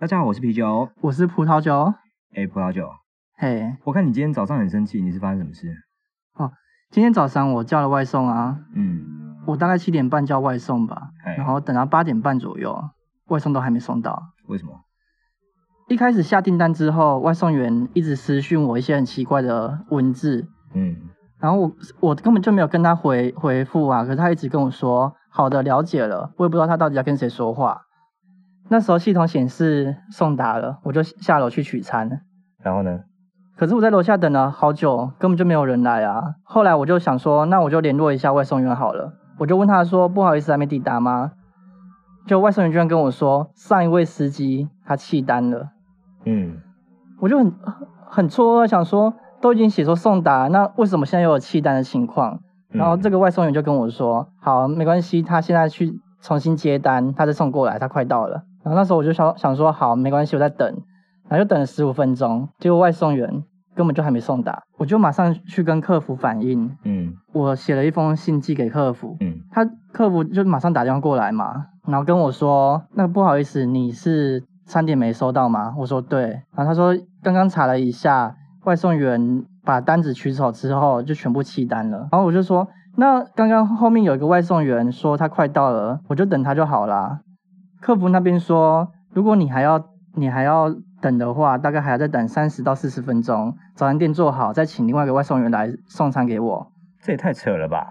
大家好，我是啤酒，我是葡萄酒。哎、欸，葡萄酒，嘿 Hey，我看你今天早上很生氣，你是發生什麼事？哦，oh, 今天早上我叫了外送啊，嗯，我大概七點半叫外送吧，Hey 然後等到八點半左右，外送都還沒送到。為什麼？一開始下訂單之後，外送員一直私訊我一些很奇怪的文字，嗯，然後我我根本就沒有跟他回回覆啊，可是他一直跟我說好的，了解了，我也不知道他到底在跟誰說話。那時候系統顯示送達了，我就下樓去取餐。然後呢？可是我在樓下等了好久，根本就沒有人來啊！後來我就想說，那我就聯絡一下外送員好了。我就問他說：“不好意思，還沒抵達嗎？”就外送員居然跟我說：“上一位司機他棄單了。”嗯。我就很很錯，想說都已經寫出送達，那為什麼現在又有棄單的情況？嗯、然後這個外送員就跟我說：“好，沒關係，他現在去重新接單，他再送過來，他快到了。”然後那時候我就想想說，好，沒關係，我再等。然後就等了十五分鐘，結果外送員根本就還沒送達，我就馬上去跟客服反映。嗯，我寫了一封信寄給客服。嗯，他客服就馬上打電話過來嘛，然後跟我說，那不好意思，你是餐點沒收到嗎？我說對。然後他說，剛剛查了一下，外送員把單子取走之後就全部棄單了。然後我就說，那剛剛後面有一個外送員說他快到了，我就等他就好啦。」客服那邊說，如果你還要你還要等的話，大概還要再等三十到四十分鐘。早餐店做好，再請另外一個外送員來送餐給我。這也太扯了吧！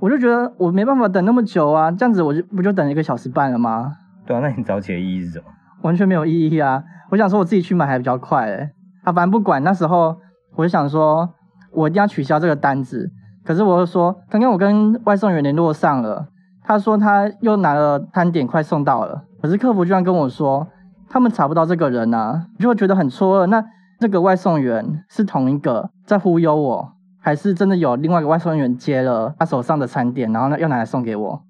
我就覺得我沒辦法等那麼久啊，這樣子我就不就等一個小時半了嗎？對啊，那你早起的意義是什麼？完全沒有意義啊！我想說我自己去買還比較快哎、欸，啊，反正不管那時候，我就想說我一定要取消這個單子。可是我又說，剛剛我跟外送員聯絡上了。他說他又拿了餐點快送到了，可是客服居然跟我說他們查不到這個人啊，就會覺得很錯愕。那這個外送員是同一個在忽悠我，還是真的有另外一個外送員接了他手上的餐點，然後呢又拿來送給我？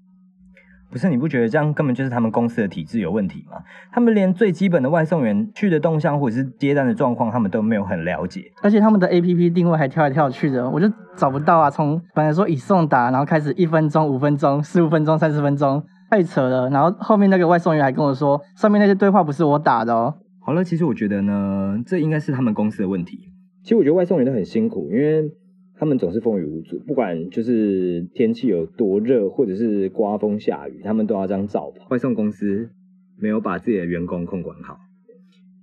不是，你不覺得這樣根本就是他們公司的體制有問題嗎？他們連最基本的外送員去的動向或者是接單的狀況，他們都沒有很了解。而且他們的 APP 定位還跳來跳去的，我就找不到啊！從本來說已送達，然後開始一分鐘、五分鐘、十五分鐘、三十分鐘，太扯了。然後後面那個外送員還跟我說，上面那些對話不是我打的哦。好了，其實我覺得呢，這應該是他們公司的問題。其實我覺得外送員都很辛苦，因為。他們總是風雨無阻，不管就是天氣有多熱，或者是颳風下雨，他們都要這樣照跑。袍。外送公司沒有把自己的員工控管好。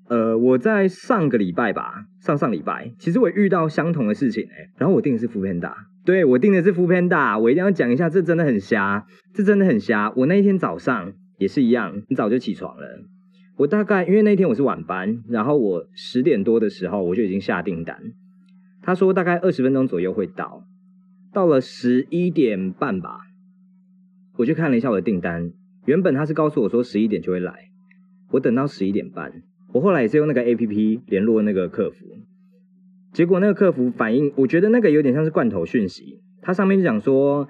呃，我在上個禮拜吧，上上禮拜，其實我也遇到相同的事情、欸、然後我訂的是 Foodpanda，對，我訂的是 Foodpanda，我一定要講一下，這真的很瞎，這真的很瞎。我那一天早上也是一樣，很早就起床了。我大概因為那一天我是晚班，然後我十點多的時候我就已經下訂單。他說大概二十分鐘左右會到，到了十一點半吧，我去看了一下我的訂單，原本他是告訴我說十一點就會來，我等到十一點半，我後來也是用那個 APP 聯絡那個客服，結果那個客服反應，我覺得那個有點像是罐頭訊息，他上面就講說，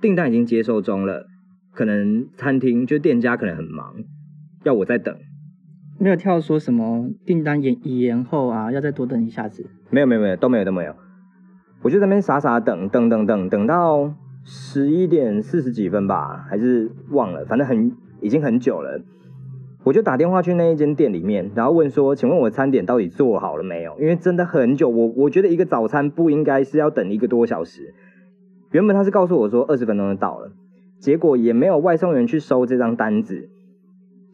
訂單已經接受中了，可能餐廳就是、店家可能很忙，要我再等。沒有跳說什麼訂單延後啊，要再多等一下子。沒有沒有沒有，都沒有都沒有，我就在那邊傻傻等等等等，等到十一點四十幾分吧，還是忘了，反正很已經很久了。我就打電話去那一間店裡面，然後問說，請問我的餐點到底做好了沒有？因為真的很久，我我覺得一個早餐不應該是要等一個多小時。原本他是告訴我說二十分鐘就到了，結果也沒有外送員去收這張單子。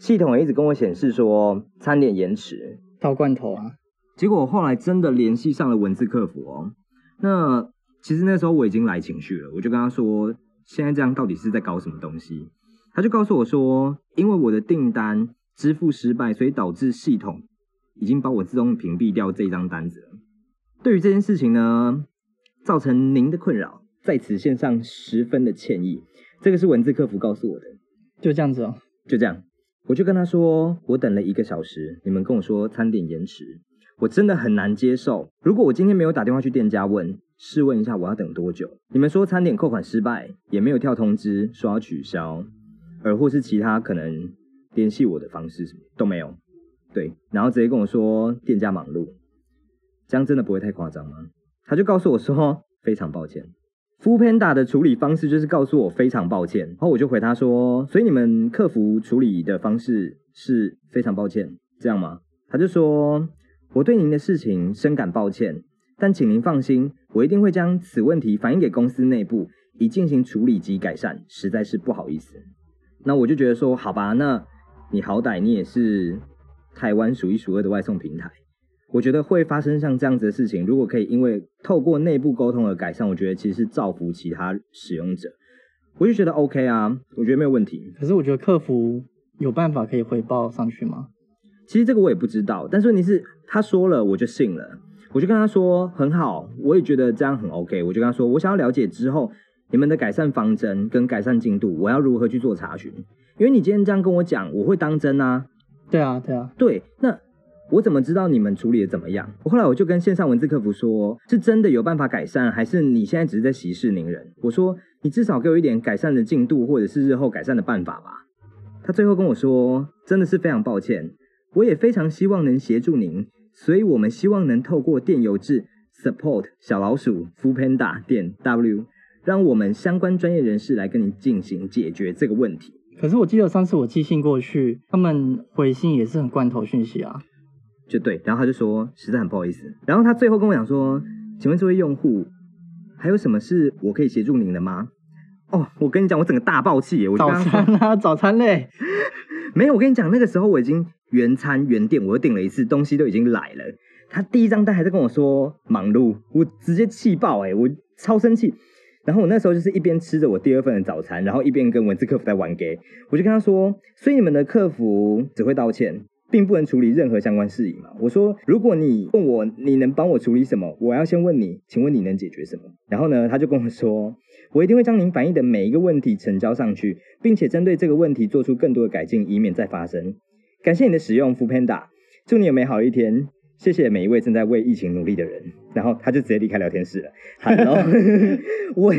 系統一直跟我顯示說餐點延遲倒罐頭啊，結果我後來真的聯繫上了文字客服哦。那其實那時候我已經來情緒了，我就跟他說，現在這樣到底是在搞什麼東西？他就告訴我說，因為我的訂單支付失敗，所以導致系統已經把我自動屏蔽掉這張單子了。對於這件事情呢，造成您的困擾，在此獻上十分的歉意。這個是文字客服告訴我的，就這樣子哦，就這樣。我就跟他說，我等了一個小時，你們跟我說餐點延遲，我真的很難接受。如果我今天沒有打電話去店家問，試問一下我要等多久？你們說餐點扣款失敗，也沒有跳通知說要取消，而或是其他可能聯繫我的方式什麼都沒有，對，然後直接跟我說店家忙碌，這樣真的不會太誇張嗎？他就告訴我說，非常抱歉。Foodpanda 的處理方式就是告訴我非常抱歉，然後我就回他說，所以你們客服處理的方式是非常抱歉，這樣嗎？他就說我對您的事情深感抱歉，但請您放心，我一定會將此問題反映給公司內部，以進行處理及改善，實在是不好意思。那我就覺得說，好吧，那你好歹你也是台灣數一數二的外送平台。我覺得會發生像這樣子的事情，如果可以因為透過內部溝通而改善，我覺得其實是造福其他使用者。我就覺得 OK 啊，我覺得沒有問題。可是我覺得客服有辦法可以回報上去嗎？其實這個我也不知道，但是問題是他說了我就信了，我就跟他說很好，我也覺得這樣很 OK，我就跟他說我想要了解之後你們的改善方針跟改善進度，我要如何去做查詢？因為你今天這樣跟我講，我會當真啊。對啊，對啊，對，那。我怎麼知道你們處理的怎麼樣？我後來我就跟線上文字客服說，是真的有辦法改善，還是你現在只是在息事寧人？我說你至少給我一點改善的進度，或者是日後改善的辦法吧。他最後跟我說，真的是非常抱歉，我也非常希望能協助您，所以我們希望能透過電郵至 support 小老鼠 foodpanda 點 w，讓我們相關專業人士來跟您進行解決這個問題。可是我記得上次我寄信過去，他們回信也是很罐頭訊息啊。就對，然後他就說實在很不好意思。然後他最後跟我講說：“請問這位用戶還有什麼事我可以協助您的嗎？”哦，我跟你講，我整個大爆氣耶！我剛剛說早餐啊，早餐嘞！ 沒有，我跟你講，那個時候我已經原餐原點，我又訂了一次，東西都已經來了。他第一張單還在跟我說忙碌，我直接氣爆哎，我超生氣。然後我那時候就是一邊吃着我第二份的早餐，然後一邊跟文字客服在玩 game。我就跟他說：“所以你們的客服只會道歉。”並不能處理任何相關事宜嘛？我說，如果你問我你能幫我處理什麼，我要先問你，請問你能解決什麼？然後呢，他就跟我說，我一定會將您反映的每一個問題呈交上去，並且針對這個問題做出更多的改進，以免再發生。感謝你的使用，Foodpanda，祝你有美好一天，謝謝每一位正在為疫情努力的人。然後他就直接離開聊天室了。好 Hello? 我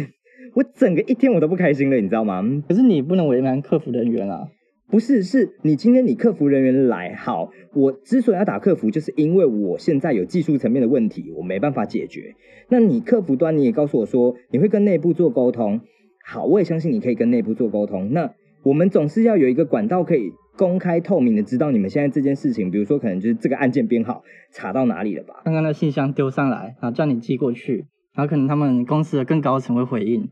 我整個一天我都不開心了，你知道嗎？可是你不能為難客服人員啊。不是，是你今天你客服人員來，好，我之所以要打客服，就是因為我現在有技術層面的問題，我沒辦法解決。那你客服端你也告訴我說，你會跟內部做溝通，好，我也相信你可以跟內部做溝通。那我們總是要有一個管道可以公開透明的知道你們現在這件事情，比如說可能就是這個案件編號查到哪裡了吧？剛剛那信箱丟上來啊，然後叫你寄過去，然後可能他們公司的更高層會回應。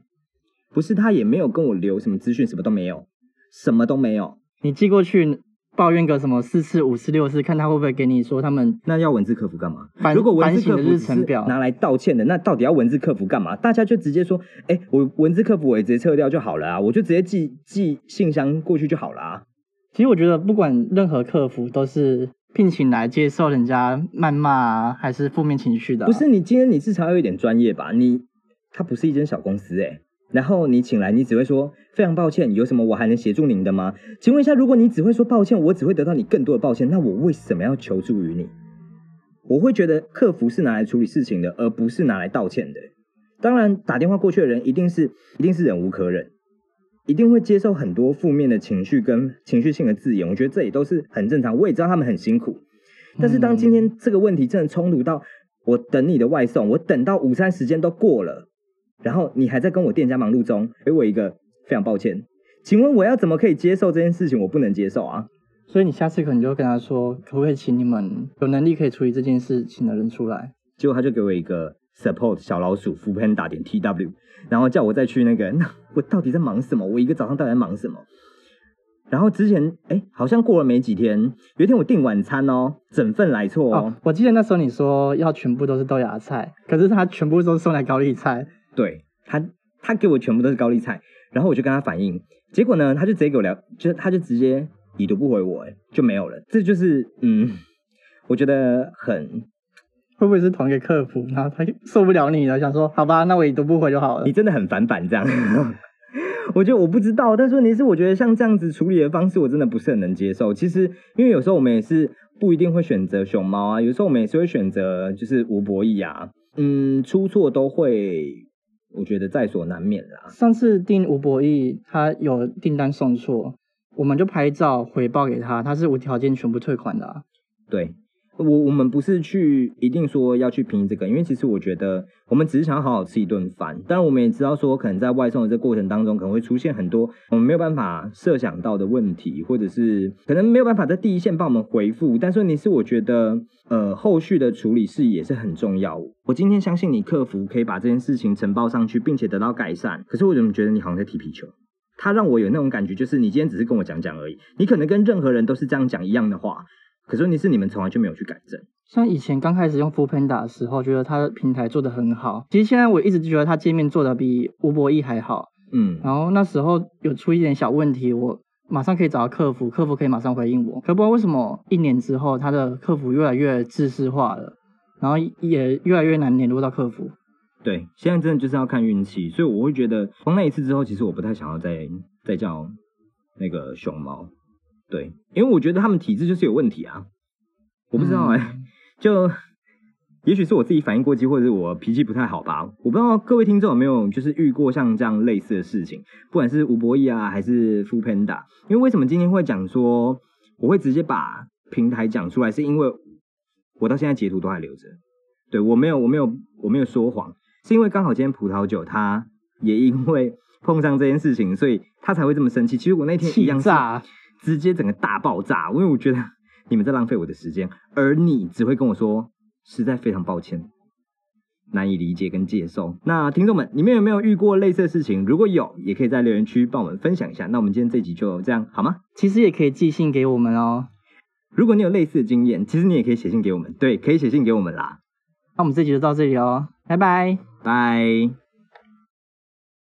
不是，他也沒有跟我留什麼資訊，什麼都沒有，什麼都沒有。你寄過去抱怨個什麼四次、五次、六次，看他會不會給你說，他們那要文字客服幹嘛？如果文字客服只是拿來道歉的，那到底要文字客服幹嘛？大家就直接說，哎、欸，我文字客服我也直接撤掉就好了啊，我就直接寄寄信箱過去就好了啊。其實我覺得不管任何客服都是聘請來接受人家謾罵、啊、還是負面情緒的、啊。不是，你今天你至少要有一點專業吧？你他不是一間小公司哎、欸。然後你請來，你只會說非常抱歉，有什麼我還能協助您的嗎？請問一下，如果你只會說抱歉，我只會得到你更多的抱歉，那我為什麼要求助於你？我會覺得客服是拿來處理事情的，而不是拿來道歉的。當然，打電話過去的人一定是一定是忍無可忍，一定會接受很多負面的情緒跟情緒性的字眼。我覺得這也都是很正常。我也知道他們很辛苦，但是當今天這個問題真的衝突到我等你的外送，我等到午餐時間都過了。然後你還在跟我店家忙碌中，給我一個非常抱歉，請問我要怎麼可以接受這件事情？我不能接受啊！所以你下次可能就跟他說，可不可以請你們有能力可以處理這件事情的人出來？結果他就給我一個 support 小老鼠，foodpanda 點 T W，然後叫我再去那個……那我到底在忙什麼？我一個早上到底在忙什麼？然後之前哎，好像過了沒幾天，有一天我訂晚餐哦，整份來錯哦，哦。我記得那時候你說要全部都是豆芽菜，可是他全部都是送來高麗菜。對他，他給我全部都是高麗菜，然後我就跟他反映，結果呢，他就直接給我聊，就他就直接已讀不回我，就沒有了。這就是，嗯，我覺得很，會不會是傳給客服？然後他就受不了你了，想說好吧，那我已讀不回就好了。你真的很煩煩這樣，我覺得我不知道。但是問題是，我覺得像這樣子處理的方式，我真的不是很能接受。其實，因為有時候我們也是不一定會選擇熊貓啊，有時候我們也是會選擇就是 Uber Eats 啊，嗯，出錯都會。我覺得在所難免啦、啊。上次訂 Uber Eats，他有訂單送錯，我們就拍照回報給他，他是無條件全部退款的、啊。對。我我們不是去一定說要去評、評這個，因為其實我覺得我們只是想要好好吃一頓飯。當然，我們也知道說可能在外送的這過程當中，可能會出現很多我們沒有辦法設想到的問題，或者是可能沒有辦法在第一線幫我們回復。但是問題是，我覺得，呃，後續的處理事也是很重要。我今天相信你客服可以把這件事情呈報上去，並且得到改善。可是我怎麼覺得你好像在踢皮球？他讓我有那種感覺，就是你今天只是跟我講講而已。你可能跟任何人都是這樣講一樣的話。可是問題是你們從來就沒有去改正。像以前剛開始用 Foodpanda 的時候，覺得它的平台做得很好。其實現在我一直覺得它界面做得比 Uber Eats 還好。嗯。然後那時候有出一點小問題，我馬上可以找到客服，客服可以馬上回應我。可不知道為什麼一年之後，它的客服越來越制式化了，然後也越來越難聯絡到客服。對，現在真的就是要看運氣。所以我會覺得，從那一次之後，其實我不太想要再再叫那個熊貓。對，因為我覺得他們體質就是有問題啊，我不知道哎、欸，嗯、就也許是我自己反應過激，或者是我脾氣不太好吧？我不知道各位聽眾有沒有就是遇過像這樣類似的事情，不管是 Uber Eats 啊，還是 foodpanda，因為為什麼今天會講說我會直接把平台講出來，是因為我到現在截圖都還留着，對，我沒有我沒有我沒有說謊，是因為剛好今天葡萄酒他也因為碰上這件事情，所以他才會這麼生氣。其實我那天一樣氣炸，直接整個大爆炸，因為我覺得你們在浪費我的時間，而你只會跟我說實在非常抱歉，難以理解跟接受。那聽眾們，你們有沒有遇過類似的事情？如果有，也可以在留言區幫我們分享一下。那我們今天這集就這樣，好嗎？其實也可以寄信給我們哦。如果你有類似的經驗，其實你也可以寫信給我們。對，可以寫信給我們啦。那我們這集就到這裡哦，拜拜拜。